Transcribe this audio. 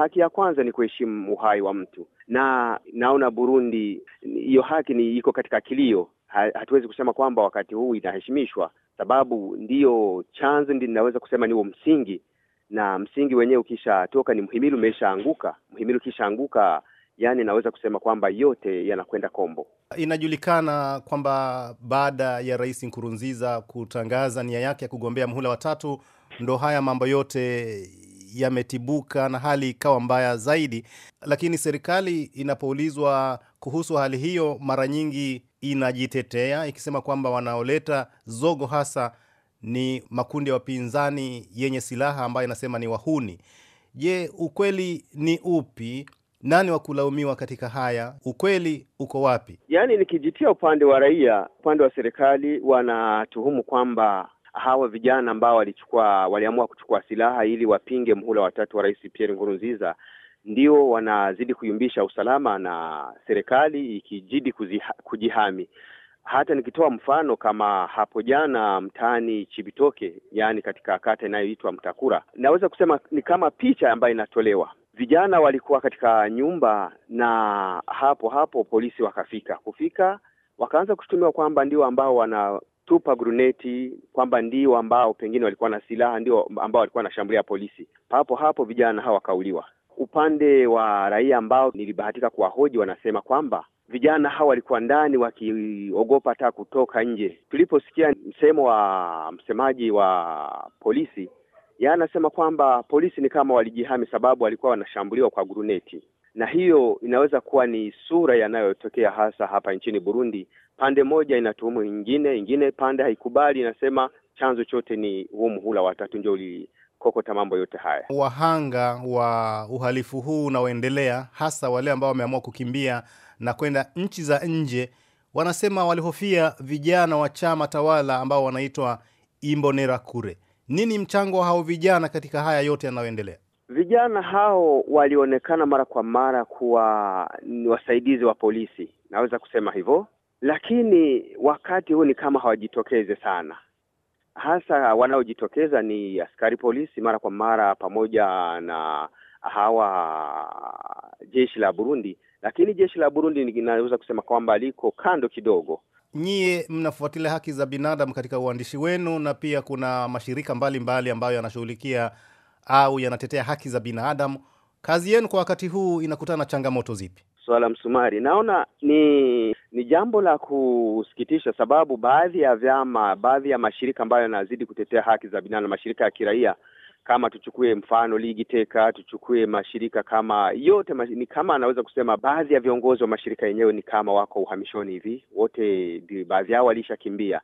haki ya kwanza ni kuheshimu uhai wa mtu, na naona Burundi hiyo haki ni iko katika kilio. Hatuwezi kusema kwamba wakati huu inaheshimishwa, sababu ndiyo chanzo, ndi ninaweza kusema niwo msingi, na msingi wenyewe ukishatoka ni mhimili umeshaanguka, mhimili ukishaanguka Yani naweza kusema kwamba yote yanakwenda kombo. Inajulikana kwamba baada ya Rais Nkurunziza kutangaza nia yake ya kugombea muhula watatu, ndo haya mambo yote yametibuka na hali ikawa mbaya zaidi. Lakini serikali inapoulizwa kuhusu hali hiyo, mara nyingi inajitetea ikisema kwamba wanaoleta zogo hasa ni makundi ya wapinzani yenye silaha ambayo inasema ni wahuni. Je, ukweli ni upi? Nani wa kulaumiwa katika haya? Ukweli uko wapi? Yaani, nikijitia upande wa raia, upande wa serikali wanatuhumu kwamba hawa vijana ambao walichukua waliamua kuchukua silaha ili wapinge mhula watatu wa Rais Pierre Nkurunziza ndio wanazidi kuyumbisha usalama na serikali ikijidi kuziha, kujihami. Hata nikitoa mfano kama hapo jana mtaani Chibitoke, yaani katika kata inayoitwa Mtakura, naweza kusema ni kama picha ambayo inatolewa vijana walikuwa katika nyumba na hapo hapo polisi wakafika kufika wakaanza kushutumiwa kwamba ndio ambao wana kutupa gruneti kwamba ndio ambao pengine walikuwa na silaha, ndio ambao walikuwa wanashambulia polisi. Papo hapo vijana hawa wakauliwa. Upande wa raia ambao nilibahatika kuwahoji, wanasema kwamba vijana hawa walikuwa ndani wakiogopa hata kutoka nje. Tuliposikia msemo wa msemaji wa polisi, yeye anasema kwamba polisi ni kama walijihami, sababu walikuwa wanashambuliwa kwa gruneti na hiyo inaweza kuwa ni sura yanayotokea hasa hapa nchini Burundi. Pande moja inatuhumu ingine, ingine pande haikubali, inasema chanzo chote ni huu muhula watatu ndio ulikokota mambo yote haya. Wahanga wa uhalifu huu unaoendelea, hasa wale ambao wameamua kukimbia na kwenda nchi za nje, wanasema walihofia vijana wa chama tawala ambao wanaitwa Imbonerakure. Nini mchango wa hao vijana katika haya yote yanayoendelea? Vijana hao walionekana mara kwa mara kuwa ni wasaidizi wa polisi, naweza kusema hivyo, lakini wakati huu ni kama hawajitokeze sana. Hasa wanaojitokeza ni askari polisi mara kwa mara, pamoja na hawa jeshi la Burundi, lakini jeshi la Burundi linaweza kusema kwamba liko kando kidogo. Nyie mnafuatilia haki za binadamu katika uandishi wenu, na pia kuna mashirika mbalimbali mbali ambayo yanashughulikia au yanatetea haki za binadamu, kazi yenu kwa wakati huu inakutana na changamoto zipi? Swala msumari, naona ni ni jambo la kusikitisha, sababu baadhi ya vyama, baadhi ya mashirika ambayo yanazidi kutetea haki za binadamu, mashirika ya kiraia kama tuchukue mfano Ligi Teka, tuchukue mashirika kama yote mash, ni kama anaweza kusema baadhi ya viongozi wa mashirika yenyewe ni kama wako uhamishoni hivi, wote baadhi yao walishakimbia.